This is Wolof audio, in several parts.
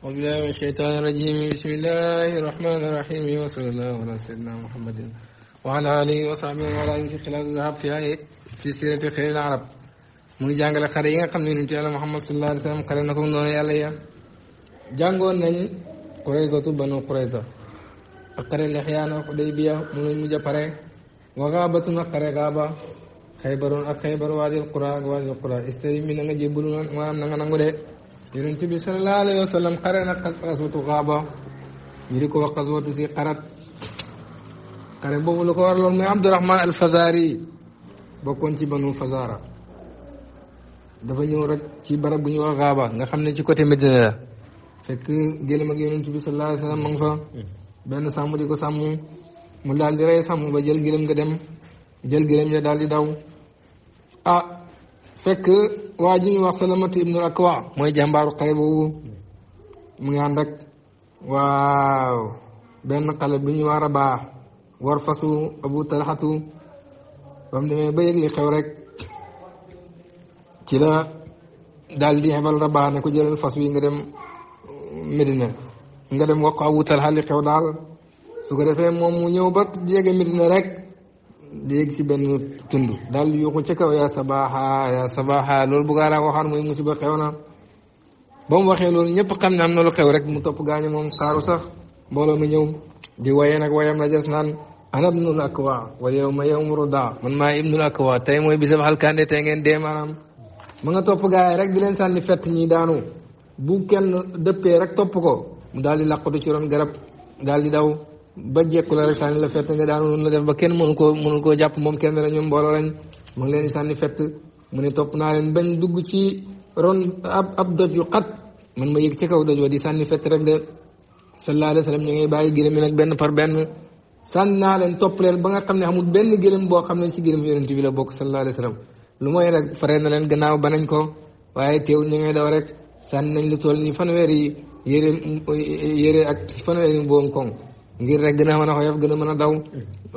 أعوذ بالله من الشيطان الرجيم بسم الله الرحمن الرحيم وصلى الله على mu محمد وعلى آله وصحبه وعلى yi nga xam ne nit yàlla Muhammad sallallahu alayhi wa sallam xare na ko yàlla ya jàngoon nañ Quraysatu banu Qurayza ak xare Lexyaan ak Xudaybiya mu nañ mujj a pare wa Gaabatun ak xare Gaaba a ak Xaybar waadil Qura ak waadil Qura istari mi yonent bi sallallahu alayhi wa sallam xare na xaswatu xaaba di ko wax xaswatu si xarat xare boobu la ko waraloon mooy Abdurahman al Fazaari bokkoon ci banu Fazaara dafa ñëw rek ci barab bu ñuy wax gaaba nga xam ne ci côté Medina la fekk gëlëm ak yonent bi sallallahu alayhi wa sallam fa benn sàmm di ko sàmm mu daal di rey sàmm ba jël gëlëm nga dem jël gëlëm ya daal di daw ah, fekk waa ji ñuy wax salamatu ibnu akwa mooy jàmbaaru xale boobu mu ngi ànd ak waaw benn xale bu ñuy wax rabaa war fasu abu talxatu ba mu demee ba yëg li xew rek ci la daal di xebal rabaa ne ko jëlal fas wi nga dem Medina nga dem wax ko abu talxa li xew daal su ko defee moom mu ñëw ba jege Medina rek di yegg si benn tund daal di yuuxu ca kaw yaa sabaaxa yaa loolu bu gaaraa waxaan mooy musiba xew na ba mu waxee loolu ñëpp xam ne am na lu xew rek mu topp gaañu moom saaru sax mbooloo mi ñëw di waye nag wayam la des naan ana ibnul akwa wala yow ma yow mu daa man maa ibnul akwa tey mooy bisab xalkande tey ngeen dee maanaam ma nga topp gaay rek di leen sànni fett ñi daanu bu kenn dëppee rek topp ko mu daal di làqatu ci ron garab daal di daw ba jekku la rek sànni la fett nga daan noonu la def ba kenn mënu koo mënu koo jàpp moom kenn la ñoom mbooloo lañ mu ngi leen sànni fett mu ne topp naa leen benn dugg ci ron ab ab doj yu xat man ma yëg ci kaw doj wa di sànni fett rek de sallallahu alayhi wa sallam ñu ngi bàyyi gërëm yi nag benn par benn sànni naa leen topp leen ba nga xam ne amul benn gërëm boo xam ne ci gërëm yonent bi la bokk sallallahu alayhi wa lu mooy rek fare na leen gannaaw ba ko waaye teewul ñu daw rek sànni nañ lu toll ni fanweeri yére yére ak fanweeri boobu koŋ ngir rek gën a mën a xoyof gën a mën a daw mm.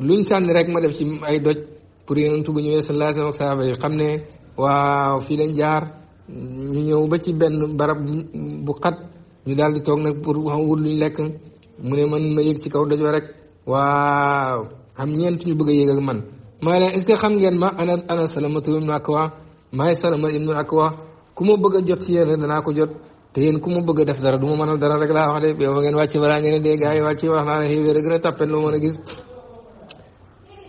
luñ sànni rek ma def ci ay doj pour yonentu bu ñëwee sallallahu alayhi wa sallam yi xam ne waa fii lañ jaar ñu ñëw ba ci benn barab bu xat ñu daal di toog nag pour wut luñ lekk mu ne man ma yëg ci kaw dojoo rek waaw xam ñeent ñu bëgg a man maa leen est-ce que xam ngeen ma ana ana salamatu ibnu akwa maay salama ibnu akwa ku ma bëgg jot ci yéen danaa ko jot te yéen ku ma bëgg a def dara du ma mënal dara rek laa wax de yow ngeen wàcc balaa ngeen dee gars yi wax naa ne xëy na gën a tàppale loo mën a gis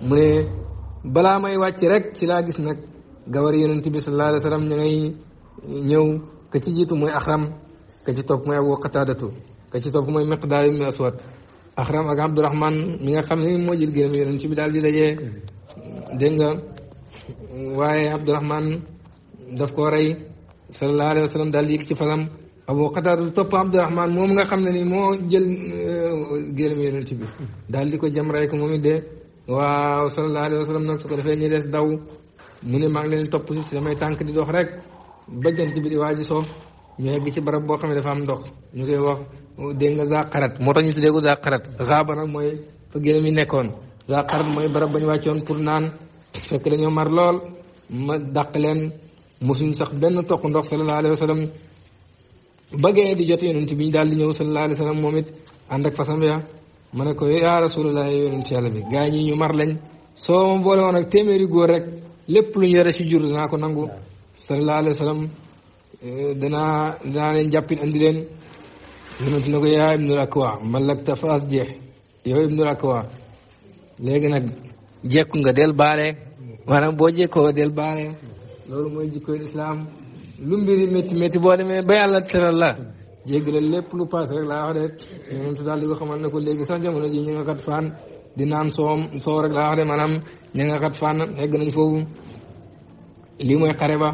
mu ne balaa may wàcc rek ci laa gis nag gawar yonent bi sallallahu alayhi wa sallam ci jiitu mooy Axram ka ci topp mooy Abu Qataadatu ka ci topp mooy Miqdaar ibn Aswad mi nga xam ni moo jël gërëm yonent bi daal di dajee dégg nga waaye Abdurahman daf koo rey sallallahu daal di yëg ci fasam. Abu Qataada topp Abdurahmaan moom nga xam ne nii moo jël euh, gélam yonent bi daal di ko jam ray ko moom it de waaw sallallahu alayhi wa sallam nag su ko defee ñu des daw mu ne maa ngi leen topp si damay tànk di dox rek ba jant bi di waaj a so ñu egg ci barab boo xam ne dafa am ndox ñu koy wax dégg nga zaqarat moo tax ñu tuddee ko zaqarat xaaba nag mooy fa gélam yi nekkoon zaqarat mooy barab ba ñu wàccoon pour naan fekk dañoo mar lool ma dàq leen mosuñ sax benn toq ndox sallallahu alayhi wa sallam bëggee di jot yonent bi daal di ñëw sallallahu alayhi wa sallam moom it ànd ak fasam ya ma ne ko yaa rasulallah yonent yàlla bi gaa ñi ñu mar lañ soo ma boole woon ak téeméeri góor rek lépp lu ñu si jur danaa ko nangu sallallahu alayhi wa sallam eh, danaa danaa leen jàppit andi leen na ko yaa ibnul akwa malakta faas jeex yow ibnul akwa léegi nag jekku nga del baale mm. maanaam boo jekkoo del baale loolu mooy jikkoy lislaam lu mbiri métti métti boo demee ba yàlla teral la jéggalal lépp lu paase rek la wax de yonentu ne ko léegi sax jamono ji ñu nga kat faan di naan soom soow rek laa wax de maanaam ñu nga kat faan egg nañ foofu lii mooy ba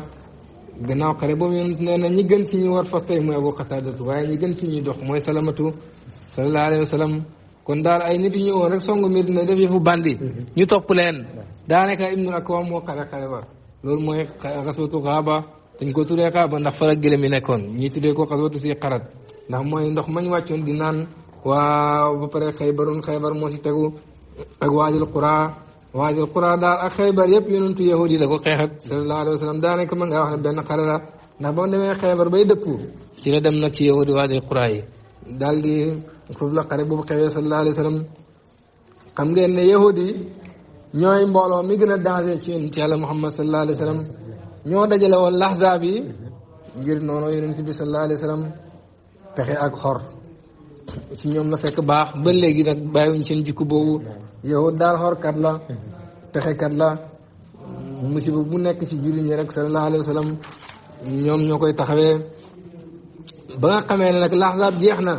gannaaw xare boobu yonentu nee na ñi gën ci ñi war fas tey mooy Abu Qataadatu waaye ñi gën ci ñuy dox mooy salamatu sallallahu alayhi wa kon daal ay nit yu ñëwoon rek songu Medina def fu bandi mm-hmm. ñu topp leen daanaka ibnul Akwaam moo xare xare ba loolu mooy xaswatu Xaaba dañ ko tuddee xaaba ndax fa la gëlëm yi nekkoon ñii tuddee ko xaswatu si xarat ndax mooy ndox mañ wàccoon di naan waa ba pare xaybaroon xaybar moo si tegu ak waajal qura waajal qura daal ak xaybar yëpp yonentu yahudi da ko xeex ak sallallahu alayhi wa sallam daanaka mën ngaa wax ne benn xare ba mu demee la dem nag ci yahudi waajal yi daal di foofu la xare boobu xewee sallallahu alayhi wa sallam xam ngeen ne yahudi ñooy mbooloo mi gën a danger ci yonent yàlla Muhammad sallallahu alayhi wa sallam ñoo dajale woon laxzaab yi ngir noonu yonent bi sallallahu alayhi wa sallam pexe ak xor ci ñoom la fekk baax ba léegi nag bàyyiwuñ seen jikko boobu yow daal xorkat la pexekat la musiba bu nekk ci jullit ñi rek sallallahu alayhi wa sallam ñoom ñoo koy taxawee ba nga xamee ne nag laxzaab jeex na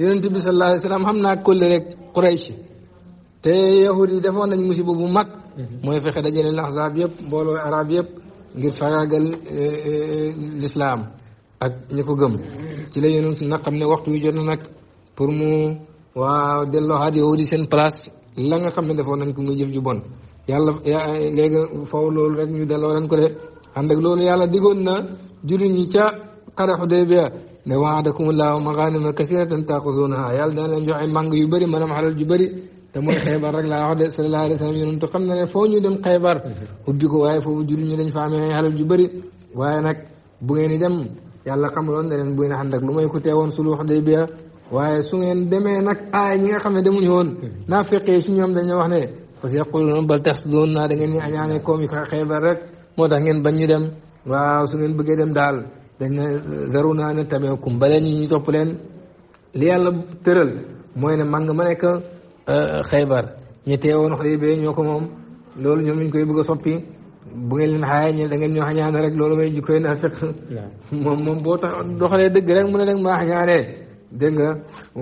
yonent bi sallallahu alayhi wa sallam xam naa kóllë rek Quraysh te yahud yi defoon nañ musiba bu mag mooy fexe dajale laxzaab yëpp mbooloo arab yëpp ngir fagaagal eh, eh, lislaam ak ñi ko gëm ci la yonent nag xam ne waxtu wi jot na nag pour mu waa delloo xaat yow di seen place la nga xam ne defoon nañ ko muy jëf ju bon yàlla léegi faw loolu rek ñu delloo leen ko de ànd ak loolu yàlla diggoon na jullit ñi ca xare Xudaybiya ne waadakum llaahu magaanima kasiiratan taaxuzuunahaa yàlla dana leen jox ay màng yu bëri maanaam xalal ju bëri te mooy xaybar rek laa wax de sallallahu alayhi wa na foo ñu dem xaybar ubbi ko waaye foofu julli ñu dañ ay xalal ju bëri waaye nag bu ngeen di dem yàlla xamaloon na leen bu ngeen ànd ak lu may ko teewoon sulux day biya waaye su ngeen demee nag aay ñi nga xam ne demuñu woon naa fekkee si ñoom dañu wax ne parce que yaquluuna bal tax doon naa da ngeen ñu añaane koom yi xaybar rek moo tax ngeen bañ ñu dem waa su ngeen bëggee dem daal dañ ne zaru naa ne tameekum bale ñi ñu topp leen li yàlla tëral mooy ne man nga ma nekk Euh, xaybar woon teewoon xudaybiya ñoo ko moom loolu ñoom ñu koy bëgg a soppi bu ngeen leen xaayee ñu da ngeen ñoo xañaane rek loolu may jikkoy naa fekk moom moom boo tax doxalee dëgg rek mu ne nag maa xañaanee dégg nga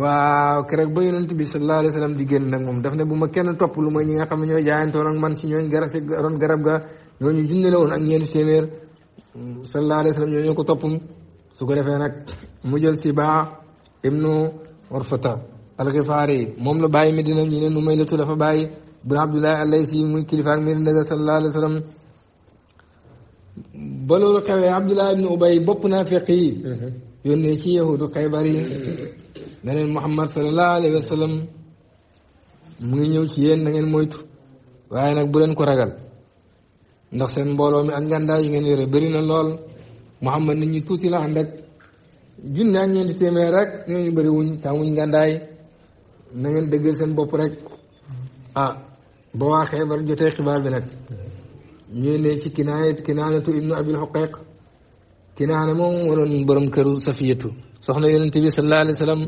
waaw keroog ba yonent bi sallallahu sa wa sallam di génn nag moom daf ne bu ma kenn topp lu ma ñi nga xam ne ñooy jaayantoon ak man si ñooñ garab si ron garab ga ñooñu junne la woon ak ñeenti téeméer sallallahu alayhi wa sallam ñoo ñoo ko topp su ko defee nag mu jël si baa ibnu warfata alxifaar yi moom la bàyyi Medina ñu ne nu may latu dafa bàyyi bun Abdullahi Allaysi muy kilifa ak Medina ga sallallahu alayhi wa sallam Abdullahi ibn Ubay bopp naa feq yi mm-hmm. yónnee ci yahudu Xaybar yi mm-hmm. ne leen Muhammad sallallahu alayhi mu ngi ñëw ci yéen na moytu waaye nag bu leen ko ragal ndax seen mbooloo mi ak ngàndaay yi ngeen yore bëri na lool Muhammad nit ñi tuuti la ànd ak junne ak ñeenti téeméer rek ñooñu bëri wuñ tàmmuñ ngàndaay na ngeen dëggal seen bopp rek ah ba waa jotee xibaar bi nag ñuy ne ci kinaayat kinaanatu ibnu abil xuqeeq kinaana moom waroon borom këru safiyatu soxna yonent bi sallallahu alayhi wa sallam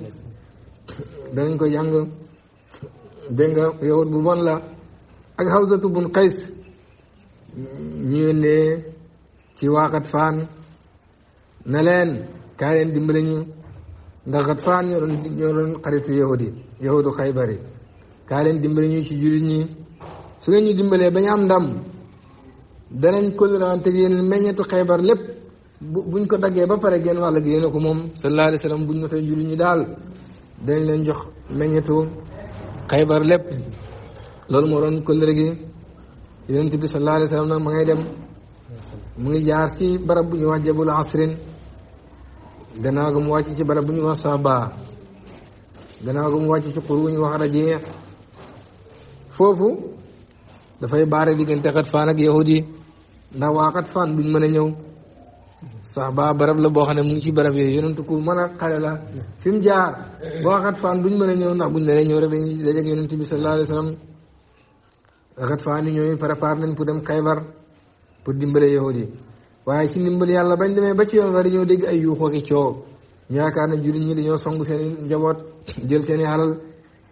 danañ ko jàng dégg nga yowut bu bon la ak xawsatu bun qays ñuy ne ci waaxat faan na leen kaa leen dimbali ñu ndax Gatfaan ñoo doon ñoo doon xaritu yahudi yahudu xaybar yi kaa leen dimbale ñu ci jullit ñi su ngeen ñu dimbalee ba ñu am ndam danañ kóllëraante ak yéen meññetu xaybar lépp bu buñ ko daggee ba pare genn wàll gi yéen ko moom sallallahu alayhi bu sallam buñ matee jullit ñi daal danañ leen jox meññetu xaybar lépp loolu moo doon kóllëre gi yonent bi sallallahu alayhi wa sallam nag ma ngay dem mu ngi jaar ci barab bu ñu wax jabul asrin gannaaw ga mu wàcc ci barab bu ñuy wax Saba gannaaw ga mu wàcc ci xur bu ñuy wax Rajee foofu dafay baare diggante Xatfaan ak yahud yi ndax waa Xatfaan duñ mën a ñëw Saba barab la boo xam ne mu ngi ci barab yooyu yonentu ku mën a xale la fi mu jaar waa Xatfaan duñ mën a ñëw ndax ñëw rek dañuy dajeeg yonent bi sallallahu alayhi wa sallam Xatfaan yi ñooñu préparé nañ pour dem Xaybar pour dimbale yahud yi waaye ci ndimbal yàlla bañ demee ba ci yoon war dañoo dégg ay yuuxoo ki coow ñu yaakaar na jullit ñi song seen njaboot jël seen i alal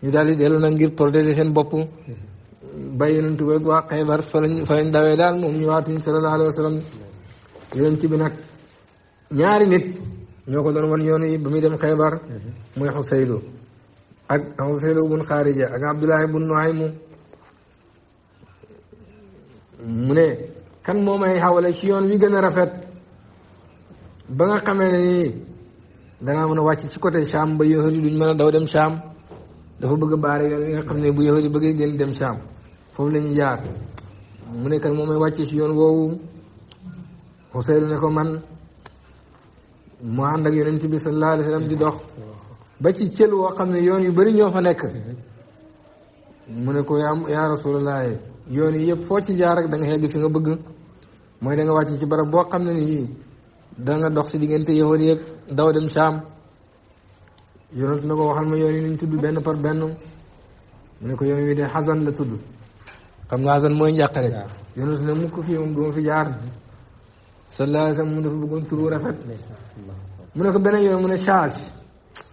ñu daal di dellu nag ngir protéger seen bopp bàyyi nañ tubaab waa Xaybar fa lañ fa lañ dawee daal moom ñu waatuñ sallallahu alayhi wa sallam yonent bi nag ñaari nit ñoo ko doon wan yoon yi ba muy dem Xaybar muy Xusaylu ak Xusaylu bun Xaarija ak Abdullahi bun Nuaymu mu ne kan moo may xawale ci yoon wi gën a rafet ba nga xamee ne nii mën a wàcc ci côté Cham ba yahudi yi duñ mën a daw dem Cham dafa bëgg a baare yoon wi nga xam ne bu yahudi yi bëggee génn dem Cham foofu lañuy ñu jaar mu ne kan moo may wàcc ci yoon woowu Xuseylu ne ko man mu ànd ak yonent bi sallallahu alayhi wa di dox ba ci cël woo xam ne yoon yu bëri ñoo fa nekk mu ne ko yaa yaa rasulallah yoon yi yëpp foo ci jaar danga da nga fi nga bëgg mooy danga nga wàcc ci barab boo xam ne nii da nga dox si diggante yahudi yëpp daw dem Saam yonent na ko waxal ma yoon yi nuñ tudd benn par benn mu ne ko yoon wi de xasan la tudd xam nga xasan mooy njàqare yonent ne mukk fii moom duma fi jaar sallallahu alayhi wa sallam mu dafa bëggoon turu mu ne ko beneen yoon mu ne change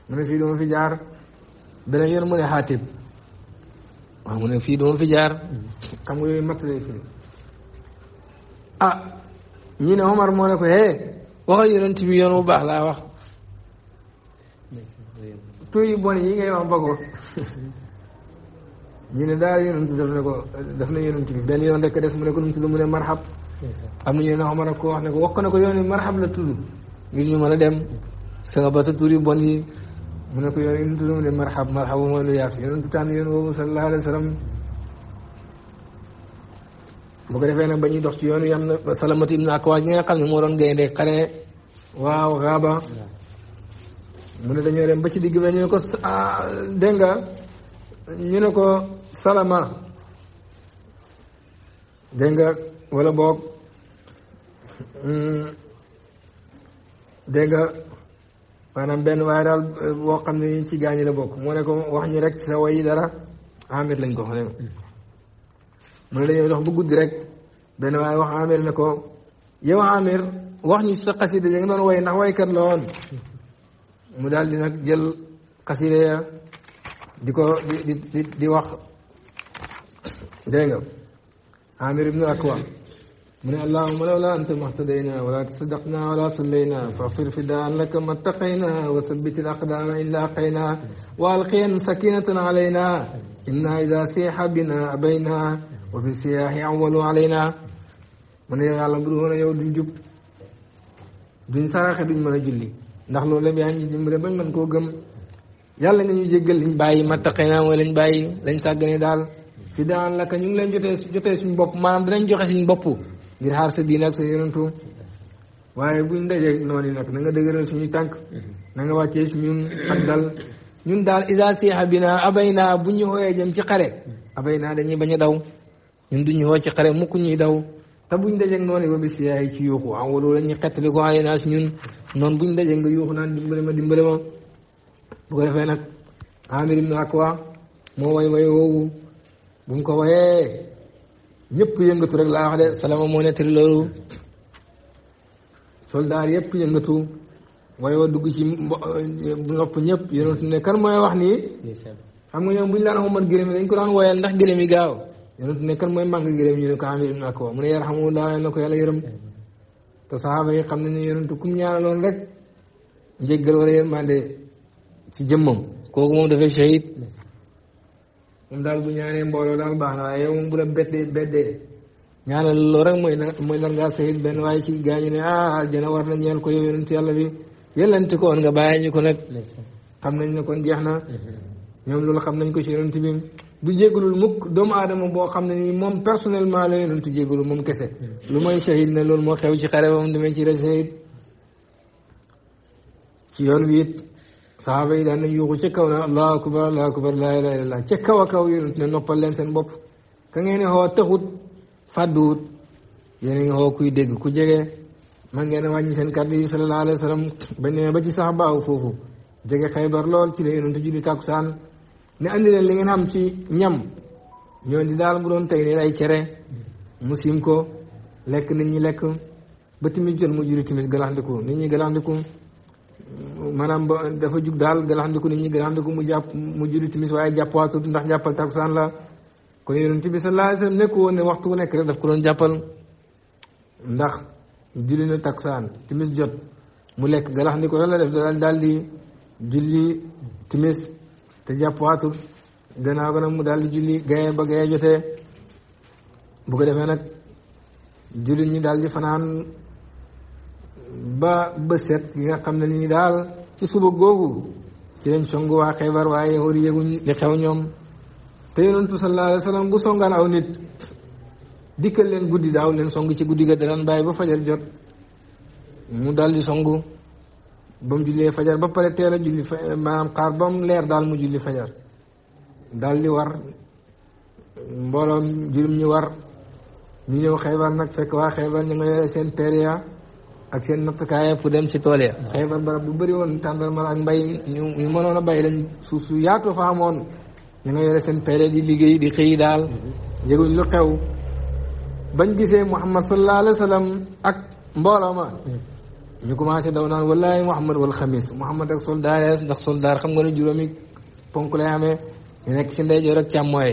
mu ne fii duma fi jaar beneen yoon mu ne xaatib waaw ah, mu ne fii fi jaar xam nga yooyu matt lay firi ah ñu ne moo ne ko hee waxal yonent bi yoon bu baax laa wax tur yu bon yi ngay wax ba ko ñu daal yonent daf ko daf na yonent bi benn yoon rek des mu ne ko nu mu tudd mu ne na ñu ne wax ne ko wax ko ne ko yoon yi marxab la tudd ngir ñu mën a dem sa nga ba sa tur mu ne ko yoon yi mu tudd yoon woowu sallallahu alayhi wa sallam bu ko defee nag ba ñuy dox ci yoonu yam na salamati ibnu akwa ñi nga xam ne moo doon mu ne dañoo dem ba ci digg bi ñu ne ko ah, dégg nga ñu ne ko salama wala boog hmm, dégg maanaam benn waaye daal euh, boo xam ne ci gaañi la bokk moo ne ko wax ñi rek sa wayi dara amir lañ ko wax dégg mu ne dañoo dox bu guddi rek benn waaye wax amir ne ko yow amir wax ñu sa xasida ya nga doon way ndax waykat la woon mu daal di nag jël xasida ya di ko wax dégg nga amir ibnu akwa mu ne allahuma lawla anta mahtadayna wala tasaddaqna wala sallayna faghfir fidaan laka mattaqayna wa sabbit al aqdama in laqayna wa alqiyan sakinatan alayna inna ida siha bina abayna wa fi siyaahi awalu alayna mu ne yàlla bu woon a yow duñ jub duñ saraxe duñ mën a julli ndax loolu lépp yaa ngi dimbale bañ mën koo gëm yàlla nga ñu jéggal liñ bàyyi mattaqayna mooy lañ bàyyi lañ sàggane daal fidaan laka ñu ngi leen jotee jotee suñ bopp maanaam dinañ joxe suñ bopp ngir xaar sa diine ak sa yonentu waaye buñ dajee noonu nag na nga dëgëral suñuy tànk na nga wàccee suñun ak dal ñun daal isa siha bi naa abay naa bu ñu hooyee jëm ci xare abay naa dañuy bañ a daw ñun duñu hoo ci xare mukk ñuy daw te buñ dajeg noonu ba bis yaay ci yuuxu a ah, wala la ñuy xettali ko ay naas ñun noonu buñ dajeg nga yuuxu naan dimbale ma dimbale ma bu ko defee nag amir ibnu moo way way woowu bu mu ko wayee ñëpp yëngatu rek laa wax de salama moo nettali loolu soldaar yëpp yëngatu waaye dugg ci euh, nopp ñëpp yonentu ne kan mooy wax nii xam nga ñoom buñ ñu daan xombat gërëm yi dañ ko daan woyal ndax gërëm yi ne kan mooy màng gërëm ñu ko na ko yàlla yërëm te saxaaba yi xam nañu ne yonentu kum ñaanaloon rek njéggal wala yërmande ci jëmmam kooku moom dafay shahid moom daal bu ñaanee mbooloo daal baax na waaye yow bu la beddee beddee ñaanal loolu rek mooy na mooy nar ngaa sayit benn waaye ci gaañu ne ah aljana war na ñeel ko yow yonent yàlla bi yëllanti ko woon nga bàyyi ñu ko nag xam nañ ne kon jeex na mm-hmm. ñoom loolu xam nañ ko ci yonent bi du jégalul mukk doomu aadama boo xam ne nii moom personnellement la yonent jégalul moom kese mm-hmm. lu mooy shahid ne loolu moo xew ci xare moom damay ci rek shahid ci yoon wi it saxaaba yi daan nañ yuuxu ca kaw na allahu akbar allahu akbar laa ilaaha illallah ca kaw a kaw yonent ne noppal leen seen bopp ka ngeen xoo taxut fàdduwut yéen a ngi kuy dégg ku jege man ngeen a wàññi seen kàddu yi sallallahu alayhi wa sallam bañ ne ba ci saxaaba aw foofu jege xaybar lool ci la yonent julli tàkkusaan ne andi leen li ngeen xam ci ñam ñooñu daal mu doon tey ne ay cere mu sim ko lekk nit ñi lekk ba timis jot mu julli timis galaxndiku nit ñi galaxndiku maanaam dafa jug daal gën a xam ne ko nit ñi gën a ko mu jàpp mu julli timis waaye jàppwaatul ndax jàppal takusaan la kon yonent bi sallallahu alayhi wasallam nekku woon ne waxtu wu nekk rek daf ko doon jàppal ndax julli na takusaan timis jot mu lekk gën a xam ne ko lan la def di julli timis te jàppwaatul gannaaw ga nag mu daal di julli gaye ba gaye jotee bu ko defee nag julli ñi daal di fanaan ba bëset gi nga xam ne nii daal ci suba googu ci lañ song waa xeebar waaye yahuud yi yëguñ li xew ñoom te yonentu sallallahu alayhi wa bu songaan aw nit dikkal leen guddi daaw leen song ci guddi ga daan bàyyi ba fajar jot mu daal di song ba mu jullee fajar ba pare teel a julli maanaam xaar ba mu leer daal mu julli fajar daal di war mbooloom juróom ñi war ñu ñëw xeebar nag fekk waa xeebar ñu nga yore seen peria ak seen nattukaay fu dem ci tool ya xeebar barab bu bëri woon tàndarma ak mbay ñu ñu mënoon a bay lañ suuf su yaatu fa amoon ñu nga yore seen période yi liggéey di xëy daal yëguñ lu xew bañ gisee Muhammad sallallahu alayhi wa sallam ak mbooloo ma ñu commencé daw naan wallahi Muhammad wal xamis Muhammad ak soldaar ndax soldaar xam nga ne juróomi ponk lay amee ñu nekk ci ndeyjoor ak càmmooy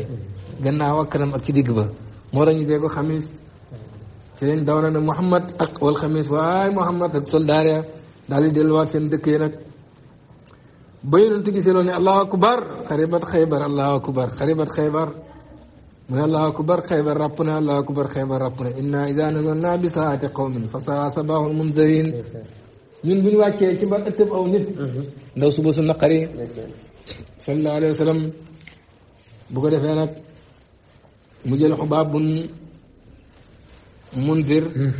gannaaw ak ak ci digg ba moo tax ñu dee ko تلين دونا محمد أق والخميس واي محمد تصل داريا دالي دلوات سن دكينا بين تجي سيلوني الله أكبر خريبة خيبر الله أكبر خريبة خيبر من الله أكبر خيبر ربنا الله أكبر خيبر ربنا إنا إذا نزلنا بساعة قوم فساء صباح المنذرين من بن واكي كي بان اتب او نيت ندو سبو سن قري صلى الله عليه وسلم بوكو ديفه نك مو جيل حباب mundir hmm.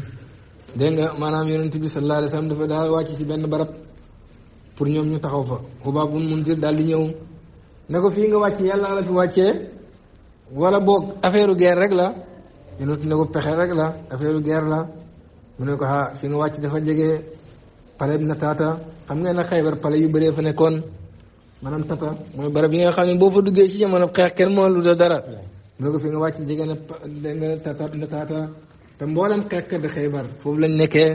dégg nga maanaam yonent bi sallallahu alayhi wa sallam dafa daa wàcc ci benn barab pour ñoom ñu taxaw fa xubaab bu mundir daal di ñëw ne ko fii nga wàcc yàlla la fi wàccee wala boog affaire guerre rek la yonent ne ko pexe rek la affaire guerre la mu ne ko ah fi nga wàcc dafa jege pale na taata xam ngeen ne xaybar pale yu bëree fa nekkoon maanaam tata mooy barab yi nga xam ne boo fa duggee ci jamono xeex kenn moo lu dara hmm. ne ko fi nga wàcc jege na tata na taata boo mboolem xeex de xaybar foofu lañ nekkee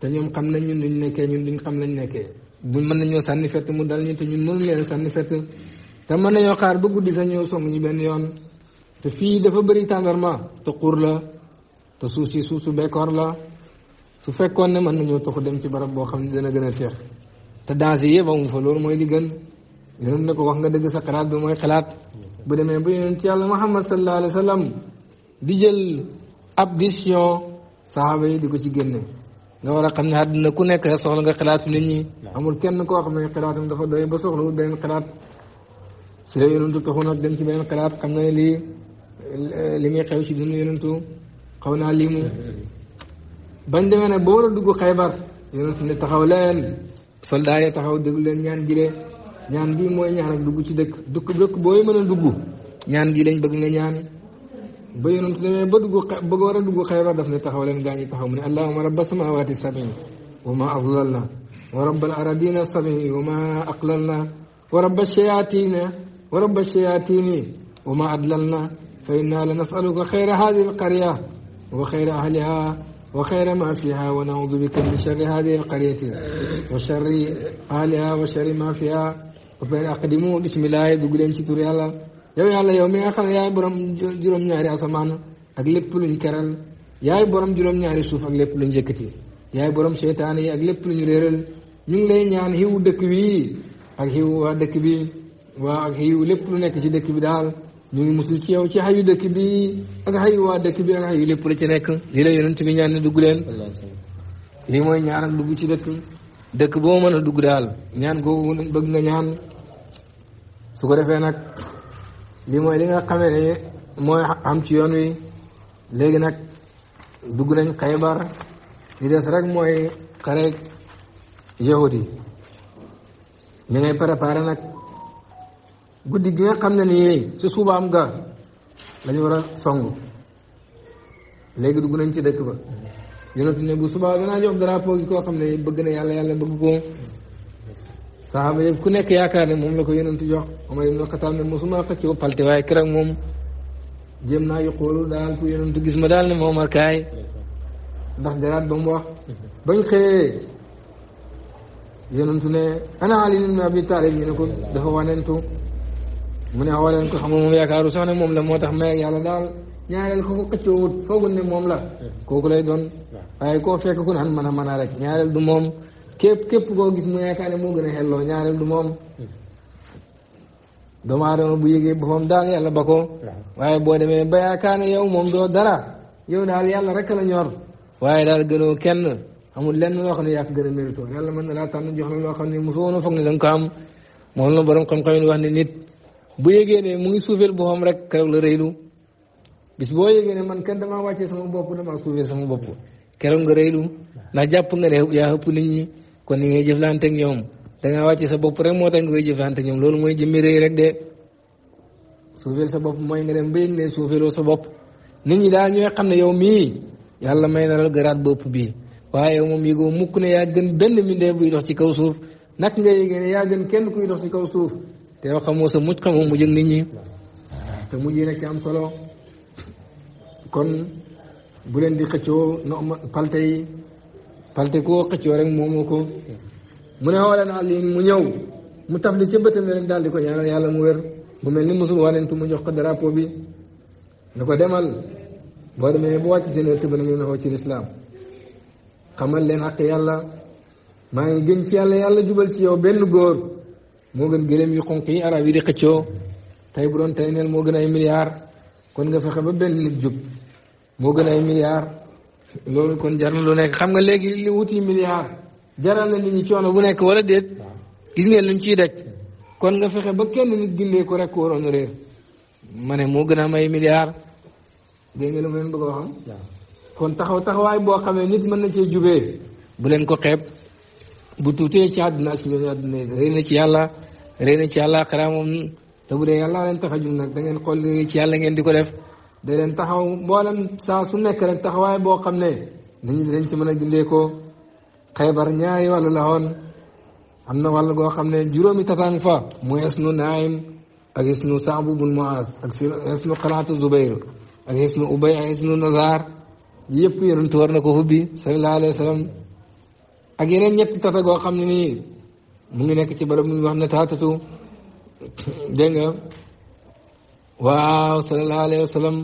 te ñoom xam nañ ñun duñ nekkee ñun duñ xam lañ nekkee buñ mën nañoo sànni fett mu dal ñu te ñun mënuñ leen sànni fett te mën nañoo xaar ba guddi sa ñëw song ñu benn yoon te fii dafa bëri tàndarma te xuur la te suuf si suuf su bekkoor la su fekkoon ne mën nañoo toxu dem ci barab boo xam ne dana gën a teex te danse yëpp amu fa loolu mooy di gën yonent ne ko wax nga dëgg sa xalaat bi mooy xalaat bu demee ba yonent ci yàlla Muhammad di jël ab décision saxaaba yi di ko ci génne nga war a xam ne ku nekk rek soxla nga xalaatu nit ñi amul kenn koo xam ne xalaatam dafa doy ba soxlawul beneen xalaat su dee yonentu taxu nag dem ci benn xalaat xam na ne lii li muy xew ci dund yonentu xaw naa lii mu demee nag ba war a ne taxaw leen soldat yi taxaw déglu leen ñaan jile ñaan bii mooy ñaan ak dugg ci dëkk dukk dëkk booy mën dugg ñaan gi lañ bëgg nga ñaan ba yonent demee ba dugg xa ba war a dugg xaybar daf ne taxaw leen gaa ñi taxaw mu ne allahuma rabba samawaati sabin wa ma adlalna wa rabba al aradina sabin wa ma aqlalna wa rabba shayatina wa rabba shayatini wa ma adlalna fa inna la nasaluka xayra hadi alqarya wa xayra ahliha وخير ما فيها ونعوذ بك من شر هذه القرية وشر أهلها وشر ما فيها وبين أقدموا بسم الله بقولين شكر الله yow yàlla yow mi nga xam ne yaay borom juróom-ñaari asamaan ak lépp luñ keral yaay borom juróom-ñaari suuf ak lépp luñ yëkkati yaay borom seytaane yi ak lépp ñu réeral ñu ngi lay ñaan xiwu dëkk bi ak xiwu waa dëkk bi waa ak xiwu lépp lu nekk ci dëkk bi daal ñu ngi musul ci yow ci xayu dëkk bi ak xayu waa dëkk bi lépp la ci nekk lii la yonent bi ñaan ne dugg leen lii mooy ñaan dugg ci dëkk dëkk boo mën a dugg daal ñaan googu bëgg nga ñaan su ko defee nag lii mooy li nga xamee ne mooy am ci yoon wi léegi nag dugg nañ xaybar di des rek mooy xareeg yahud yi ñu ngay préparé nag guddi gi nga xam ne nii su suubaam ga lañu war a songu léegi dugg nañ ci dëkk ba yonent ne bu subaa danaa jox drapeau gi koo xam ne bëgg na yàlla yàlla bëgg ko saxaaba yëpp ku nekk yaakaar ne moom la ko yonent jox Omar ibn Xataab ne mosuma xëccoo palte waaye keroog naa yuqoolu daal ku yonent gis ma daal ne ma Omar kaay ndax garaat ba mu wax bañ xëyee yonent ne ana Ali ibn Abi Taalib ñu ne ko dafa wanentu mu ne awaleen ko xam nga sax ne moom la moo tax may ak yàlla daal ñaareel ko ko moom la kooku lay doon waaye koo fekk ku naan mën a mën a rek ñaareel du moom képp képp koo gis mu yaakaar ne moo gën a xelloo ñaareel du moom doomu aadama bu yëgee boppam daal yàlla ba ko waaye boo demee ba yaakaar ne yow moom doo dara yow daal yàlla rek la ñor waaye daal gënoo kenn amul lenn loo xam ne yaa ko gën a mën na laa jox la loo xam ne mosoo woon da ko am moom la borom xam-xam yi wax nit bu yëgee ne mu ngi suufeel boppam rek keroog la rëylu bis boo yëgee man kenn damaa wàccee sama bopp damaa suufee sama bopp keroog nga rëylu ndax jàpp nga ne yaa ëpp nit ñi kon ni ngay jëflante ak ñoom dangaa wàcce sa bopp rek moo tax nga koy jëflante ñoom loolu mooy jëmmi rëy rek de suufeel sa bopp mooy nga dem ba yëg ne suufeeloo sa bopp nit ñi daal ñooy xam ne yow mii yàlla may na la garaat bopp bii waaye yow moom yëgoo mukk ne yaa gën benn mbindee buy dox ci kaw suuf nak nga yëgee ne yaa gën kenn kuy dox ci kaw suuf te yow xamoo sa mujj xamoo mujj ak nit ñi te mujj yi ci am solo kon bu leen di xëccoo no palte yi falte koo xëccoo rek moomoo ko mu ne xoolee naa lii mu ñëw mu taf li ca bëtam rek daal di ko ñaanal yàlla mu wér bu mel ni mosul mu jox ko drapeau bi ko demal boo demee bu wàcc seen ci lislaam xamal leen àq yàlla maa ngi gën ci yàlla yàlla jubal ci yow benn góor moo gën gëléem yu xonq yi arab yi di xëccoo tey bu doon tey neel moo gën ay milliards kon nga fexe ba benn nit jub moo gën ay milliards loolu kon jar na lu nekk xam nga léegi wuti milliard jaral na nit ñi coono bu nekk wala déet gis ngeen luñ ciy daj kon nga fexe ba kenn nit gindee ko rek ko waroon réer ma ne moo gën a may milliard dégg nga lu ma leen bëgg a waxam taxaw taxawaay boo xamee nit mën na cee jubee bu leen ko xeeb bu tuutee ci àdduna ak suñu àdduna yi rëy na ci yàlla rëy na ci yàlla xaraa moom te bu dee yàlla leen tax a jub nag da ngeen xool ci yàlla ngeen di ko def da leen taxaw mboolem saa su nekk rek taxawaay boo xam ne dañu dañ si mën a gindee ko xaybar ñaari wàll la woon am na wàll goo xam ne juróomi tataang fa mu isnu naayim ak isnu saabu bun muaas ak isnu xalaatu zubayr ak isnu ubay ak isnu nazar yëpp yonent war na ko hubbi sallallahu alayhi wa sallam ak yeneen ñetti tata goo xam ne nii mu ngi nekk ci barab mu wax ne taatatu dégg waaw sallallahu alayhi wa sallam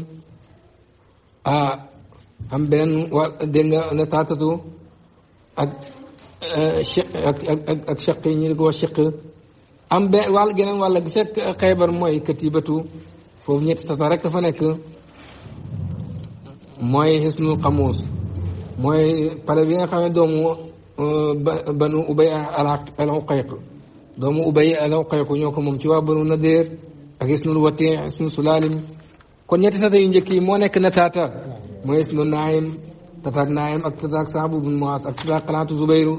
ah am beneen wa dégg nga ne taatatu ak eh, ak ak ak chaq yi ñu di ko wax chaq am benn wàll geneen wàll gi ca xaybar mooy katibatu foofu ñetti tata rek dafa nekk mooy xisnul xamuus mooy pare bi nga xam ne doomu eh, banu ubay al uqayq doomu ubay al uqayq ñoo ko moom ci waa banu nadir ak isnul watin isnul sulaalim kon ñetti sata yu njëkk yi moo nekk nataata mooy isnul naayim tataak naayim ak tataak saabu bun muwaas ak tataak xalaatu zubayru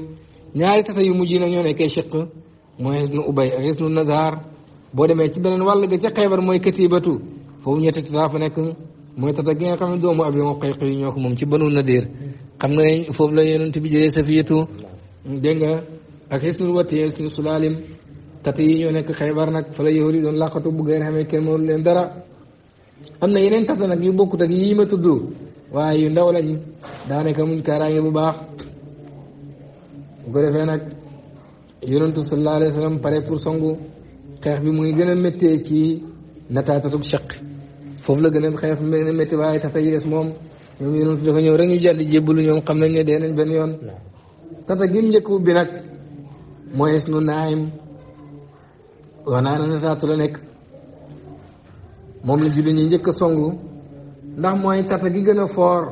ñaari tata yu mujj nag ñoo nekkee shiq mooy isnu ubay ak isnu nazar boo demee ci beneen wàll ga ca xeebar mooy katibatu foofu ñetti tata fa nekk mooy tata gi nga xam ne doomu abi muqayq yi ñoo moom ci banu nadir xam nga ne foofu la yonent bi jëlee safiyatu dégg nga ak isnul watin isnul sulaalim tat yi ñoo nekk xaybar nag fa la yahud yi doon làqatu bu gën xamee kenn mënu leen dara am na yeneen tata nag yu bokkut ak yi ma tudd waaye yu ndaw lañ daanaka muñ kaaraange bu baax bu ko defee tu yonentu sallallahu alayhi pare pour songu xeex bi muy gën a méttee ci nataatatug chaq foofu la gën a xeex mu gën waaye tata yi des moom ñoom yonentu dafa ñëw rek ñu jàll jébbalu ñoom xam nañ ne dee nañ benn yoon tata gi njëkk bi nag mooy sunu naayim wax naa ne nasaatu la nekk moom la julli ñi njëkk a songu ndax mooy tata gi gën a foor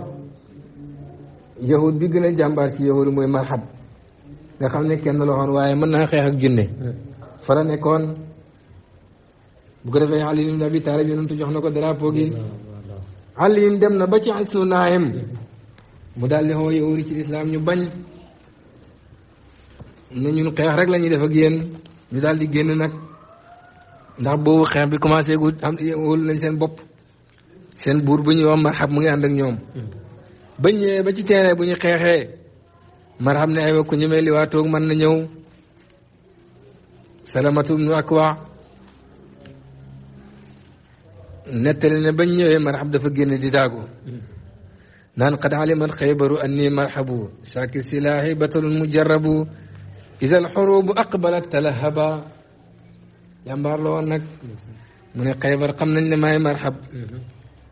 yahud bi gën a jàmbaar ci yahud mooy marxab nga xam ne kenn loxoon waaye mën naa xeex ak junne fa la nekkoon àll yi defee Ali ibn Abi Taalib yonentu jox na ko drapeau gi Ali dem na ba ci Hisnu Naim mu daal di xoo yahud ñu bañ ne xeex rek la ñuy def ak yéen ñu daal di génn nag ndax boobu xeex bi commencé gu am wóolu nañ seen bopp seen buur bu ñuy wax marxab mu ngi ànd ak ñoom bañ ñëwee ba ci terrain bu ñu xeexee marxab ne wa ku ñemee liwaatoog man na ñëw salamatu ibnu akwa nettali ne bañ ñëwee marxab dafa génn di daagu naan qad alima alxaybaru anni marxabu shaki silaahi batalun mujarrabu ida alxurubu aqbalat talahaba jàmbaar la woon nag mu ne xaybar xam nañ ne maay marxab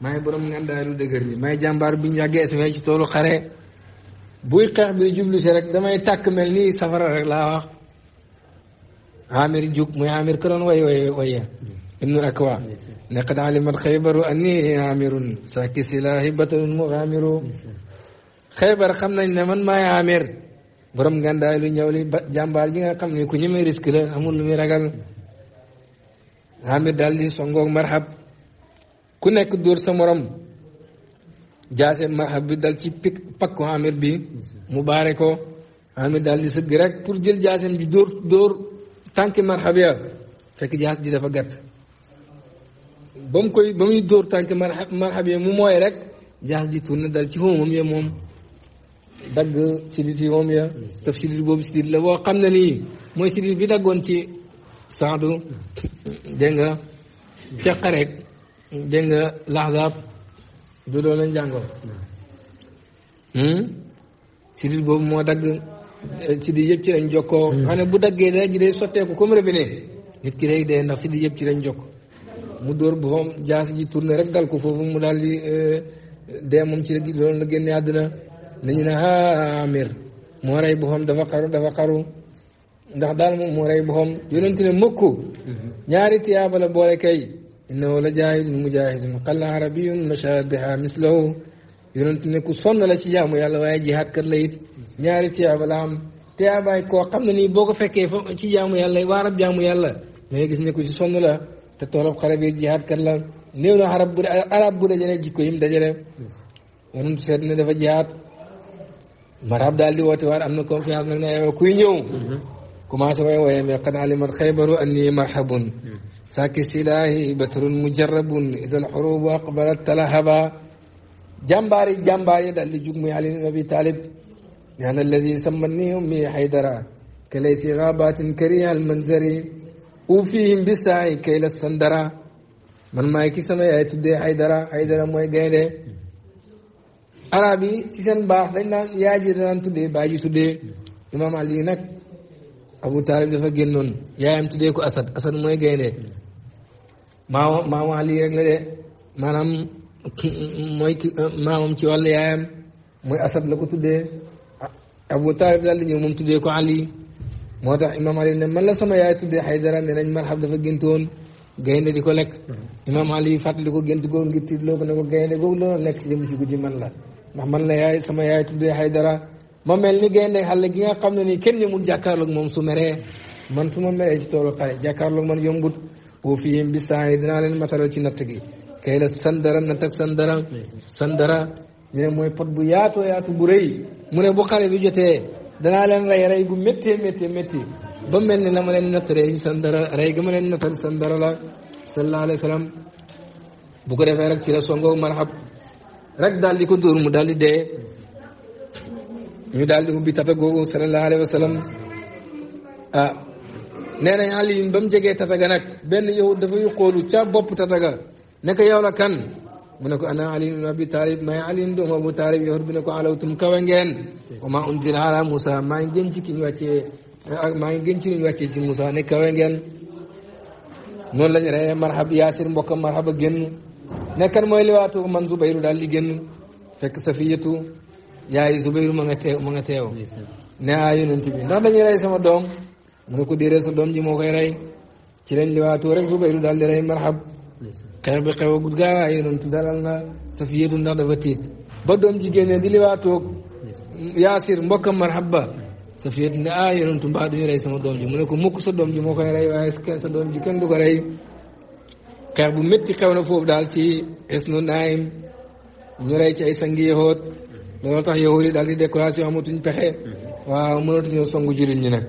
maay borom ngàndaay lu dëgër li maay jàmbaar bi ñu yàggee si ci toolu xare buy xeex bi jublu si rek damay tàkk mel nii safara rek laa wax amir jug muy amir ko doon way way waye ibnu akwa ne qad alimat xaybaru anni amirun saaki silaahi batalun muxaamiru xaybar xam nañ ne man maay amir borom ngàndaay lu ñëw li jàmbaar ji nga xam ne ku ñemee risque la amul lu muy ragal Hamid daal di songoog marxab ku nekk dóor sa morom jaase marxab bi dal ci pik bi mu baare ko Hamid daal di sëgg rek pour jël jaasem bi dóor dóor tànki marxab ya fekk jaas ji dafa gàtt ba mu koy ba muy dóor tànki marxab ya mu mooy rek jaas ji tourné dal ci xóomam ya moom dagg sidit yi moom ya taf sidit boobu sidit la boo xam ne nii mooy sidit bi daggoon ci Saadu dégg nga ca xareeg dégg nga laxzaab du loolu lañ jàngoon hmm? sidit boobu moo dagg eh, sidit yëpp ci lañ jokkoo hmm. xam ne bu daggee dara ji day sotteeku comme robinet nit ki day dee ndax sidit yëpp ci lañ jokk mu dóor bu boppam jaas ji tourné rek dal ko foofu mu daal di eh, dee moom ci loolu la génne àddina nañu ne ah Amir moo rey boppam dafa xaru dafa xaru ndax daal moom moo rey boppam yonent ne mëkku ñaari tiyaaba la boole kay innahu la jaahidun mujaahidun qalla arabiyun mashaabiha mislahu yonent ne ku sonn la ci jaamu yàlla waaye jihaad kat la it ñaari tiyaaba la ko tiyaabaay koo xam ne nii boo ko fekkee fa ci jaamu yàlla waarab jaamu yàlla ma ngay gis ne ku ci sonn la te toolab xarab yi jihaad kat la bu arab bu dajale jikko dafa jihaad daal di woote waat am na confiance nag ne yow eh, kuy كما سوي ويم يقن علي من خيبر أني مرحب ساكي سلاهي بتر مجرب إذا الحروب أقبلت تلهبا جنباري جنباري دالي جمعي علي النبي طالب أنا الذي سمني أمي حيدرا كليس غابات كريه المنظر وفيهم بسعي كيل السندرا من ما يكسم يا تدي حيدرا حيدرا ما يجيني عربي سيسن باخ لنا يا تدي باجي تدي إمام علي نك Abu Taalib dafa génnoon yaayam tuddee ko Asad Asad mooy gaynde maam maamu Ali rek la de maanaam mooy ki maamam ci wàllu yaayam mooy Asad la ko tuddee Abu Taalib daal di ñëw moom tuddee ko Ali moo tax Imaam Ali ne man la sama yaay ay Haydara ne nañ marxab dafa géntoon gaynde di ko lekk Imaam Ali fàttali ko gént googu ngir tiitloo ko ne ko gaynde googu la lekk jëm ci guddi man la yaay sama yaay tuddee Haydara ma mel ni gaynde xale gi nga xam ne ni kenn ñëmul jàkkaarloog moom su meree man su ma meree ci toolu xale jàkkaarloog man yombut boo fi yéen bi saa yi dinaa leen matalal ci natt gi kay la sandara natt ak sandara sandara ñu ne mooy pot bu yaatoo yaatu bu mu ne bu xale bi jotee danaa leen rey gu méttee méttee métti mel ni la ma leen natt rey ci sandara rey ga ma leen nattal sandara la sallallahu alayhi wa sallam bu ko defee rek ci la songo marhab rek daal di ko dóor mu daal di dee ñu daal di ubbi tafe googu sallallahu alayhi wa sallam ah, nee nañ Aliyin ba mu jegee tafe ga nag benn yow dafa yuqoolu ca bopp tafe ga ne ka yow kan mu ne ko ana Ali ibn Abi Talib may Ali doomu Abu Talib yow bi ne ko alawtum kawe ngeen wa ma unzila ala Musa maa ngi gën ki ah, maa ngi gën ci ñu wàccee ci Musa ne kawe ngeen noonu lañ reyee marhab Yaasir mbokkam marhaba génn ne kan mooy liwaatu man Zubayru daal di génn fekk Safiyatu yaay Zubayru ma nga teew ne a yonent bi ndax dañuy rey sama doom mu ne ko sa doom ji moo koy rey ci lañ liwaatoo rek Zubayru daal di rey marxab xeex bi xew agud gaawaa yonent dalal na Safiyatu ndax dafa tiit ba doom ji génnee di liwaatoog yaasir mbokkam marxab ba Safiyatu ne a yonentu mbaa duñu rey sama doom ji mu ne ko mukk sa doom ji moo koy rey waaye sa doom ji kenn du ko rey xeex bu métti xew na foofu daal ci Hisnu Naim ci ay sangi loolu tax yow yi daal di décoration amatuñ pexe mhm. waaw mënatuñoo songu jullit ñi nag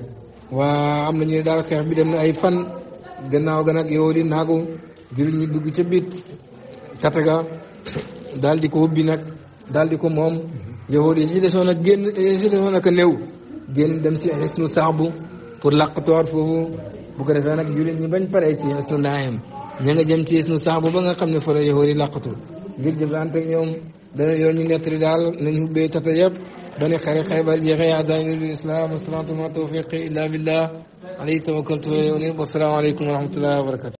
waa am nañu ne daal xeex bi dem na ay fan gannaaw ga nag yow di naagu jullit dugg ca biit tataga daal di ko ubbi nag daal di ko moom yow di si desoon ak génn si desoon dem si xisnu saabu pour làq toor foofu bu ko defee nag jullit ñi bañ pare ci xisnu naayam ña nga jëm ci xisnu saabu ba nga xam ne fa la yow di làqatu ngir jëflante ak ñoom dana yoon ñu nettali daal nañu ubbee tata yëpp ba ne xare xaybar jeexee yaa daani lu islam wa salaatu ma tawfiqi illa billah alayhi tawakkaltu wa ilayhi unib wa salaamu alaykum wa rahmatullahi wa barakatu